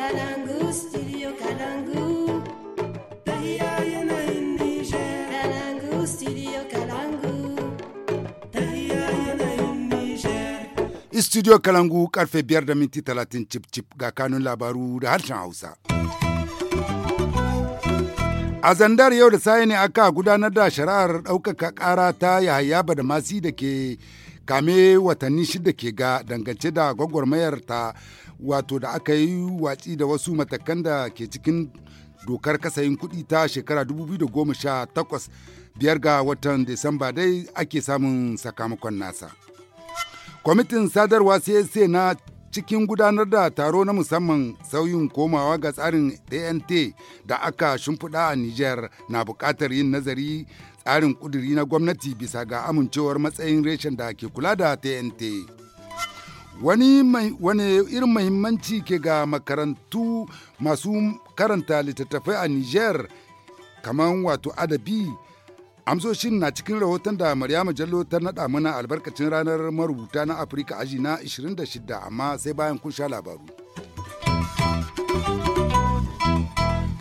Kalangu, studio Kalangu. karfe biyar da minti talatin cip cip ga kanun labaru da harshen Hausa. A zandar yau da saye ne aka gudanar da shari'ar ɗaukaka ƙara ta Yahaya Badamasi da ke kame watanni shida ke ga dangance da gwagwarmayar ta wato da aka yi watsi da wasu matakan da ke cikin dokar kasayin kuɗi ta shekara 2018 biyar ga watan Disamba dai ake samun sakamakon nasa. Kwamitin sadarwa CSA na cikin gudanar da taro na musamman sauyin komawa ga tsarin ANT da aka shimfiɗa a niger na buƙatar yin nazari tsarin kuduri na gwamnati bisa ga amincewar matsayin reshen da ke kula da tnt wani irin mahimmanci ke ga makarantu masu karanta littattafai a niger kamar wato adabi amsoshin na cikin rahoton da maryama jallo ta naɗa mana albarkacin ranar marubuta na afirka aji na 26 amma sai bayan kun sha labaru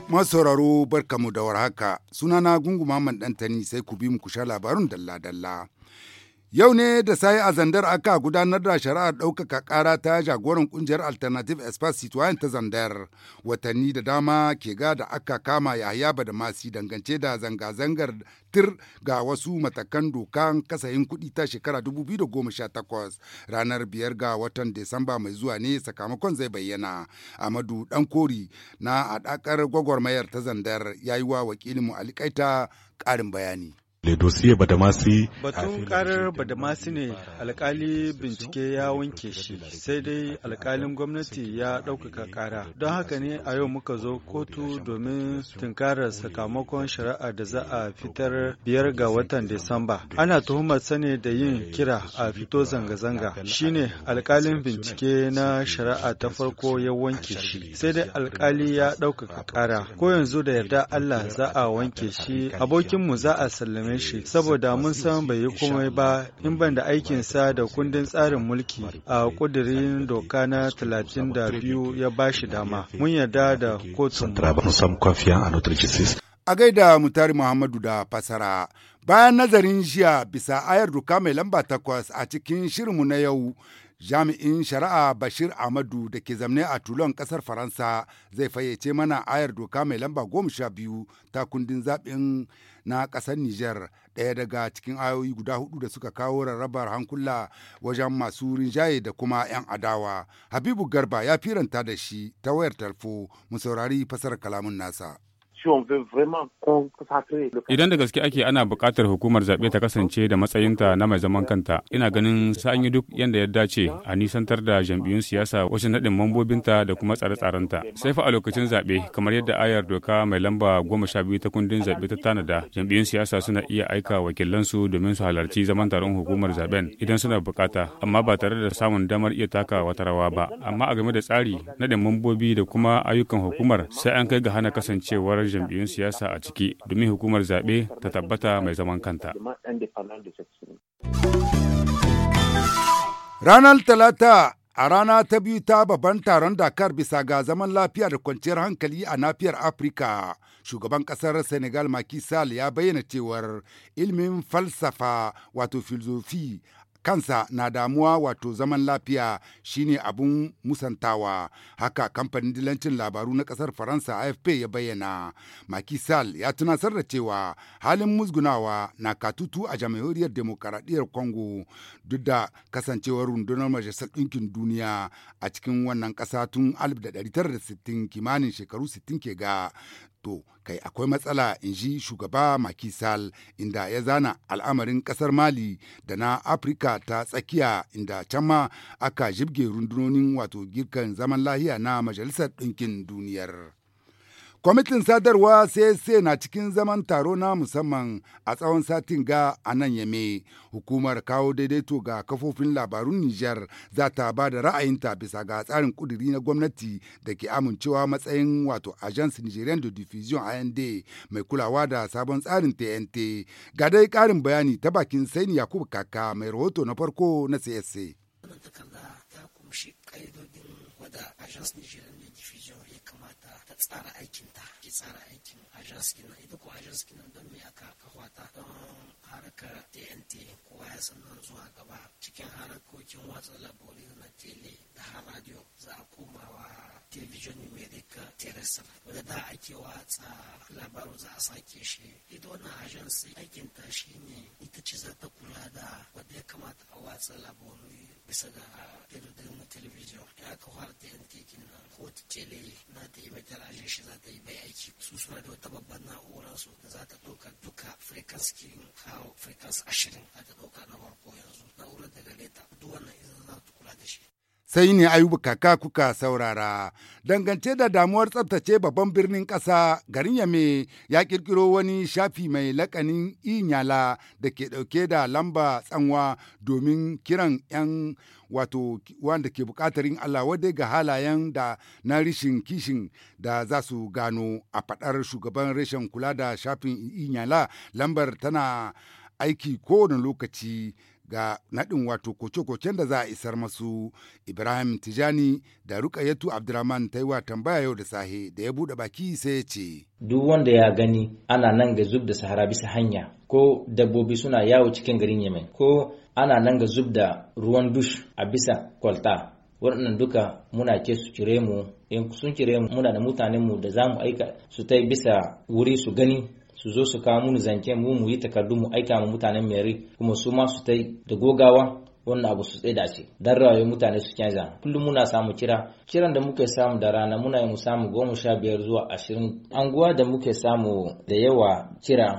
masauraro barkamu da warhaka sunana gungu mamman ɗantani sai ku bi mu ku sha labarun dalla-dalla. Yau ne da sai a zandar aka gudanar da shari'ar ɗaukaka ƙara ta jagoran ƙungiyar Alternative Espace Citoyen ta zandar. Watanni da dama ke ga da aka kama Yahaya Badamasi dangance da zanga-zangar tir ga wasu matakan dokan kasayin kuɗi ta shekara 2018 ranar biyar ga watan Desamba mai zuwa ne sakamakon zai bayyana. Amadu kori na adakar gwagwarmayar ta zandar ya yi wa wakilinmu Alikaita ƙarin bayani. Ledosiye Badamasi. Batun karar Badamasi ne alkali bincike ya wanke shi sai dai alkalin gwamnati ya ɗaukaka kara. Don haka ne a yau muka zo kotu domin tunkarar sakamakon shari'a da za a fitar biyar ga watan Disamba. Ana tuhumar sani da yin kira a fito zanga-zanga. Shine alkalin bincike na shari'a ta farko ya wanke shi. Sai dai alkali ya ɗaukaka kara. Ko yanzu da yarda Allah za a wanke shi abokinmu za a sallame same shi saboda mun san bai yi komai ba in ban da aikinsa da kundin tsarin mulki a kudirin doka na 32 ya ba shi dama. Mun yarda da kotun. A gaida Mutari Muhammadu da fasara. Bayan nazarin jiya bisa ayar doka mai lamba takwas a cikin shirinmu na yau Jami'in shari'a Bashir Ahmadu da ke zamne a tulon ƙasar Faransa zai fayyace mana ayar doka mai lamba goma sha biyu ta kundin zaɓin na ƙasar Nijar ɗaya daga cikin ayoyi guda hudu da suka kawo rarrabar hankula wajen masu rinjaye da kuma 'yan adawa. Habibu Garba ya firanta da shi ta wayar talfo mu saurari fasar kalamun nasa. si on veut vraiment consacrer le Idan da gaske ake ana buƙatar hukumar zaɓe ta kasance da matsayinta na mai zaman kanta, ina ganin sa'an yi duk yadda ya dace a nisantar da jam'iyyun siyasa wajen naɗin mambobinta da kuma tsare-tsarenta. Sai fa a lokacin zaɓe, kamar yadda ayar doka mai lamba goma sha biyu ta kundin zabe ta tanada, jam'iyyun siyasa suna iya aika wakilansu domin su halarci zaman taron hukumar zaɓen idan suna bukata amma ba tare da samun damar iya taka wata rawa ba. Amma a game da tsari, naɗin mambobi da kuma ayyukan hukumar sai an kai ga hana kasancewar jam'iyyun siyasa a ciki domin hukumar zaɓe ta tabbata mai zaman kanta. Ranar Talata a rana ta biyu ta babban taron Dakar bisa ga zaman lafiya da kwanciyar hankali a nafiyar Afirka. Shugaban ƙasar Senegal Macky Sall ya bayyana cewar ilmin falsafa wato filozofi kansa na damuwa wato zaman lafiya shine abun musantawa haka kamfanin dilancin labaru na kasar faransa afp ya bayyana makisal ya tunasar da cewa halin musgunawa na katutu a jamhuriyar demokaradiyyar congo duk da kasancewar rundunar majalisar ɗinkin duniya a cikin wannan ƙasa tun 1960 kimanin shekaru 60 ke ga to kai akwai matsala in ji shugaba makisal inda ya zana al'amarin kasar mali da na afirka ta tsakiya inda can ma aka jibge rundunonin wato girkan zaman lahiya na majalisar ɗinkin duniyar Kwamitin sadarwa CSC na cikin zaman taro na musamman a tsawon satin ga a nan yame. Hukumar kawo daidaito ga kafofin labarun Nijar za ta ba da ra'ayinta bisa ga tsarin kuduri na gwamnati da ke amincewa matsayin wato Agence Nigerian de Diffusion AND mai kulawa da sabon tsarin TNT. Ga dai ƙarin bayani ta bakin Saini Yakubu Kaka mai rahoto na farko na CSC. ta kumshi wadda Agence Nigerian de Diffusion ya kamata ta tsara aikin tsara aikin ajas kenan ita ko ajas kenan don me aka kafa ta don haraka TNT kowa ya san nan zuwa gaba cikin harkokin watsa um labari na tele da har radio za a komawa television numeric terrestrial wadda da ake watsa labaru za a sake shi ita e wannan ajansi aikin ta ne ita ce za ta kula da wadda ya kamata a watsa labarai bisa ga irin na talabijin ya aka fara ta yin tekin na kowace tele na ta yi magarajin shi za ta yi bai aiki su suna da wata babban na'ura su da za ta ɗauka duka frequency kin kawo frequency ashirin a ta ɗauka na farko yanzu na'urar daga leta duk wannan izin za ta kula da shi sai ne ayuba kaka kuka saurara dangance da damuwar tsaftace babban birnin ƙasa garin yame ya kirkiro wani shafi mai lakanin inyala da ke ɗauke da lamba tsanwa domin kiran 'yan wato wanda ke bukatar yin allah wadai ga halayen da na rishin kishin da za su gano a faɗar shugaban rashin kula da shafin inyala lambar tana aiki kowane lokaci ga naɗin wato koce-kocen da za a isar masu ibrahim tijani da rukayatu abdurrahman ta yi wa tambaya yau da sahe da ya bude baki sai ya ce duk wanda ya gani ana nan ga zub da sahara bisa hanya ko dabbobi suna yawo cikin garin yemen ko ana nan ga zub da ruwan dush a bisa kwalta waɗannan duka muna ke su cire mu in sun cire mu muna da mutanenmu da za mu aika su ta bisa wuri su gani su zo su kawo mu zanke mu mu yi takardu mu aika mu mutanen meri kuma su ma su tai da gogawa wannan abu su da ce dan rayuwar mutane su canza kullum muna samu kira kiran da muke samu da rana muna mu samu goma sha biyar zuwa ashirin anguwa da muke samu da yawa kira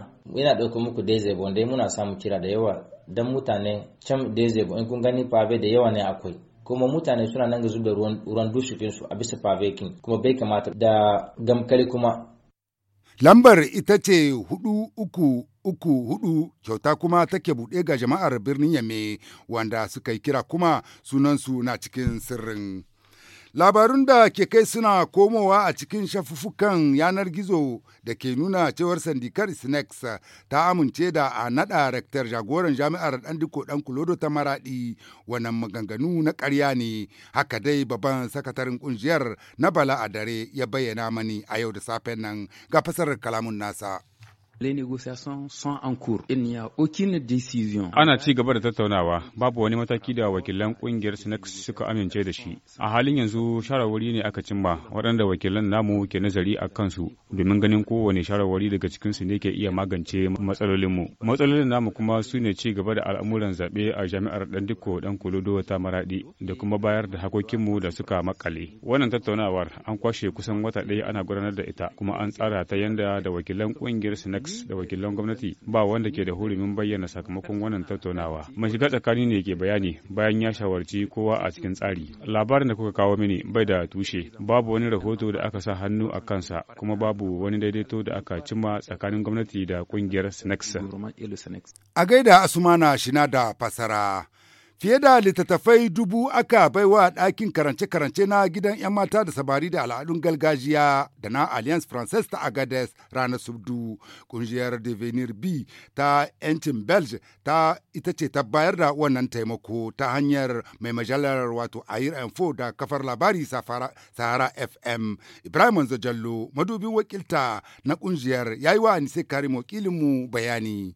ina ɗauka muku dai zai dai muna samu kira da yawa dan mutane can dai zai in kun gani fabe da yawa ne akwai kuma mutane suna nan ga da ruwan dushikin su a bisa favekin kuma bai kamata da gamkali kuma Lambar ita ce hudu uku uku hudu kyauta kuma take buɗe ga jama'ar birnin Yame wanda suka yi kira kuma sunansu na cikin sirrin. Labarun da ke kai suna komowa a cikin shafuffukan yanar gizo da ke nuna cewar sandikar Snex ta amince da a naɗa rektar jagoran jami'ar diko dan Kulodo ta Maraɗi wannan maganganu na karya ne haka dai babban sakataren ƙungiyar na Bala a dare ya bayyana mani a yau da safen nan ga fasarar kalamun nasa. les négociations sont en cours. Il n'y a aucune décision. Ana ci gaba da tattaunawa, babu wani mataki da wakilan kungiyar SNEC suka amince da shi. A halin yanzu shawarwari ne aka cimma waɗanda wakilan namu ke nazari a kansu domin ganin kowane shawarwari daga cikin su ne ke iya magance matsalolin mu. Matsalolin namu kuma su ne ci gaba da al'amuran zaɓe a jami'ar Dandiko Dan Kolodo ta Maradi da kuma bayar da mu da suka makale. Wannan tattaunawar an kwashe kusan wata ɗaya ana gudanar da ita kuma an tsara ta yanda da wakilan kungiyar SNEC Brooks da wakilan gwamnati ba wanda ke da hurumin bayyana sakamakon wannan tattaunawa. Mai shiga tsakani ne ke bayani bayan ya shawarci kowa a cikin tsari. Labarin da kuka kawo mini bai da tushe, babu wani rahoto da aka sa hannu a kansa kuma babu wani daidaito da aka cimma tsakanin gwamnati da kungiyar Sinex. A gaida Asumana Shina da fasara. Fiye da littattafai dubu aka baiwa ɗakin karance-karance na gidan 'yan mata da sabari da al'adun gargajiya da na Alliance Française ta Agades ranar Subdu. Ƙungiyar Devenir B ta 'yancin Belge ta ita ce ta bayar da wannan taimako ta hanyar mai majalar wato Air Info da kafar labari Sahara FM. Ibrahim Manzo Jallo madubin wakilta na ƙungiyar yayi wa Anise Karim wakilinmu bayani.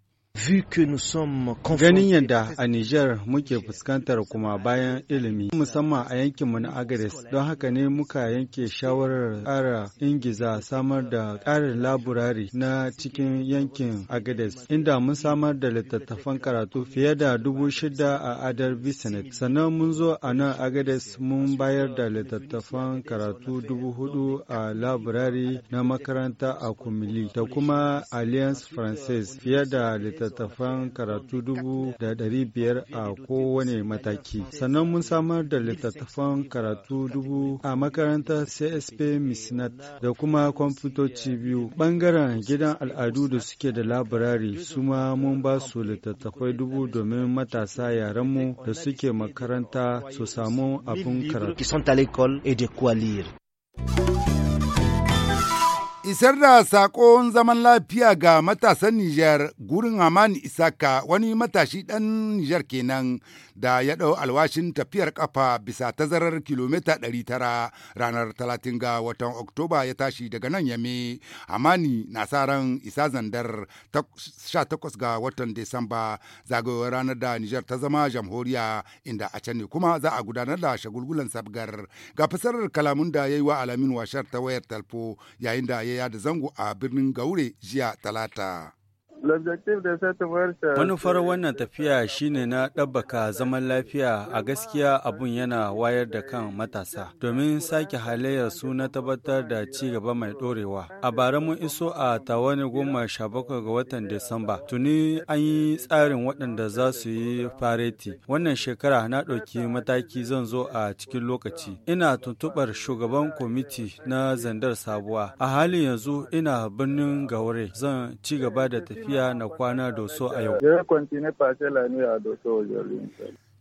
Ganin yadda a Nijar muke fuskantar kuma bayan ilimi, musamman a yankinmu na Agres, don haka ne muka yanke shawarar ƙara ingiza samar da ƙarin laburari na cikin yankin Agres, inda mun samar da littattafan karatu fiye da dubu shida a Adar Bisanet. Sannan mun zo a nan agades mun bayar da littattafan karatu dubu hudu a laburari na makaranta a Kumili da kuma Alliance Française fiye da littattafan littattafan karatu dubu da ɗari biyar a kowane mataki. Sannan mun samar da littattafan karatu dubu a makarantar CSP Misnat da kuma kwamfutoci biyu. Bangaren gidan al'adu da suke da labarari suma ma mun ba su littattafai dubu domin matasa mu da suke makaranta su samu abin karatu. Isar da sakon zaman lafiya ga matasan Nijar gurin Amani Isaka wani matashi ɗan Nijar kenan da ya ɗau alwashin tafiyar kafa bisa tazarar kilomita 900 ranar 30 ga watan Oktoba ya tashi daga nan yame. Amani na sa ran isa zandar 18 ga watan Desamba zagayowar ranar da Nijar ta zama jamhuriya inda a can ne kuma za a gudanar da shagulgulan sabgar ga fasarar kalamun da ya yi wa alamin washar ta wayar talfo yayin da ya da zango a birnin Gaure jiya talata. Manufar wannan tafiya shine na ɗabbaka zaman lafiya a gaskiya abun yana wayar da kan matasa domin sake halayyar su na tabbatar da ci gaba mai ɗorewa. A bara mun iso a tawani goma sha bakwai ga watan Disamba. Tuni an yi tsarin waɗanda za su yi fareti. Wannan shekara na ɗauki mataki zan zo a cikin lokaci. Ina tuntuɓar shugaban kwamiti na zandar sabuwa. A halin yanzu ina birnin Gaure zan ci gaba da tafiya tafiya na kwana doso a yau.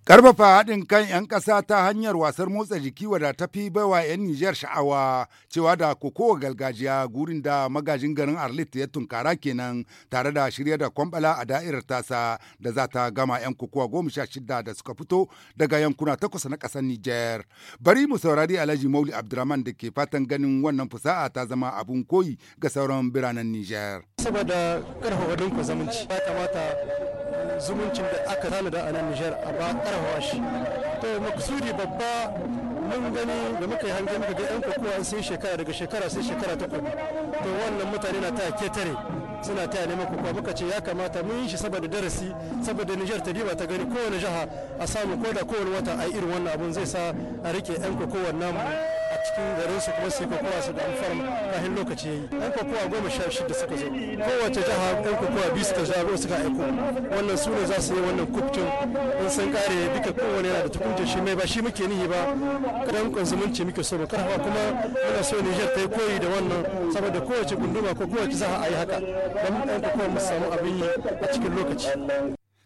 karfafa haɗin kan 'yan ƙasa ta hanyar wasar motsa jiki wadda ta fi baiwa 'yan Nijar sha'awa cewa da kokowa galgajiya gurin da magajin garin Arlit ya tunkara kenan tare da shirya da kwambala a da'irar tasa da za ta gama 'yan kokowa goma sha shida da suka fito daga yankuna takwas na ƙasar Nijar. Bari mu saurari Alhaji Mauli Abdurrahman da ke fatan ganin wannan fusa'a ta zama abun koyi ga sauran biranen Nijar. Saboda ƙarfafa zamanci ya kamata zumuncin da aka tanada a nan nijar a ba karawa shi to makusudi babba mun gani da muka yi hangen muka ga 'yan kokowa sai shekara daga shekara sai shekara ta kudu to wannan mutane na ta ketare suna taya neman kokowa muka ce ya kamata mun yi shi saboda darasi saboda nijar ta diba ta gani kowane jiha a samu ko da kowane wata a irin wannan abun zai sa a rike 'yan kokowar namu cikin garin su kuma su kokowa su da alfarm kafin lokaci yayi yan kokowa goma sha shida suka zo kowace jiha yan kokowa biyu suka su suka aiko wannan su ne za su yi wannan kuftun in sun kare duka kowane yana da tukuncin shi mai ba shi muke nihi ba kadan kunzumunci muke so kar hawa kuma ina so Niger ta yi koyi da wannan saboda kowace gunduma ko kowace za a yi haka don yan kokowa mu samu abin yi a cikin lokaci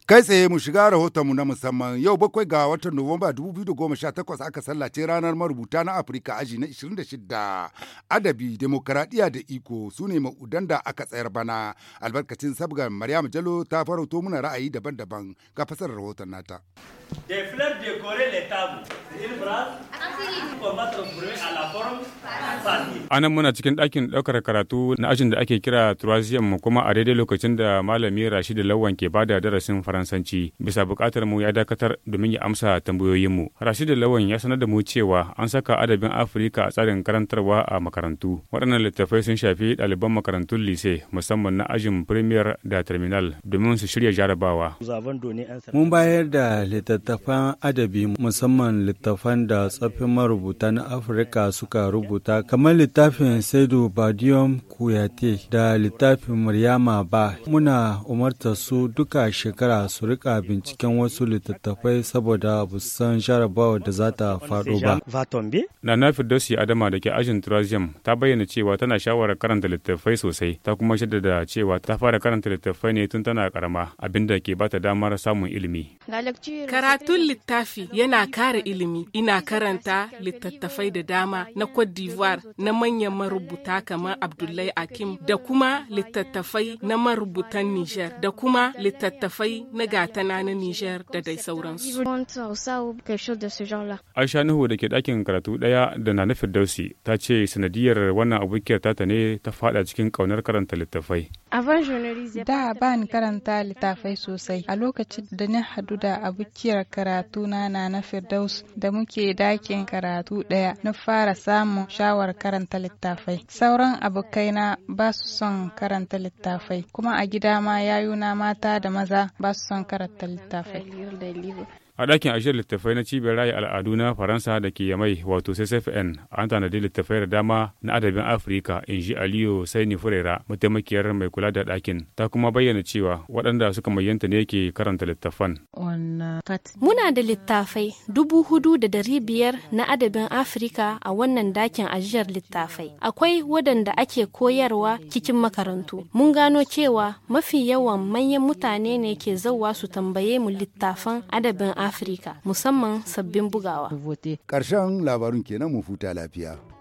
Kai tsaye mu shiga rahoton mu na musamman yau bakwai ga watan Nuwamba 2018 aka sallace ranar marubuta na Afirka aji na 26 adabi, demokaradiyya da iko su ne ma'udan da aka tsayar bana albarkacin sabgar Maryam Jalo ta farauto muna ra'ayi daban-daban ga fasar rahoton nata. Des fleurs décoraient les tables. Une brasse pour mettre bruit à la forme A muna cikin ɗakin ɗaukar karatu na ajin da ake kira Troisième kuma a daidai lokacin da malami Rashidu Lawan ke bada darasin Faransanci bisa buƙatar mu ya dakatar domin ya amsa tambayoyinmu. Rashidu Lawan ya sanar da mu cewa an saka adabin afirika a tsarin karantarwa a makarantu. Waɗannan littattafai sun shafi ɗaliban makarantun lise musamman na ajin Premier da Terminal domin su shirya jarabawa. Mun bayar da littattafan adabi musamman littattafan da tsafin marubuta na Afirka suka rubuta kamar littafin Saidu Badiyom Kuyate da littafin muryama Ba. Muna umarta su duka shekara su rika binciken wasu littattafai saboda bu san jarabawa da za ta faɗo ba. na na Firdausi Adama da ke ajin Turazium ta bayyana cewa tana shawara karanta littattafai sosai ta kuma shaddada cewa ta fara karanta littattafai ne tun tana karama abinda ke bata damar samun ilimi. Karatun littafi yana kare ilimi. Ina karanta littattafai da dama na Cote d'Ivoire na manyan marubuta kamar Abdullahi Akim da kuma littattafai na marubutan Niger da kuma littattafai na gatana na Niger da dai sauransu. Aisha Nuhu da ke ɗakin karatu ɗaya da na Firdausi ta ce sanadiyar wannan abokiyar tata ne ta fada cikin ƙaunar karanta littattafai. Da ba ni karanta littattafai sosai a lokacin da na hadu da abokiyar shekarar karatu na na Firdaus da muke dakin karatu ɗaya na fara samun shawar karanta littafai. Sauran abokaina ba su son karanta littafai, kuma a gida ma yayuna mata da maza ba su son karanta littafai. a ɗakin ajiyar littattafai na cibiyar rayu al'adu na faransa da ke yamai wato ccfn an tanadi littattafai da dama na adabin afirika in ji aliyu saini furera mataimakiyar mai kula da ɗakin ta kuma bayyana cewa waɗanda suka mayyanta ne ke karanta littattafan muna da littattafai dubu hudu da dari biyar na adabin afirika a wannan ɗakin ajiyar littattafai akwai waɗanda ake koyarwa cikin makarantu mun gano cewa mafi yawan manyan mutane ne ke zauwa su tambaye mu littattafan adabin afirka Afirka, musamman sabbin bugawa. karshen labarun kenan mu futa lafiya.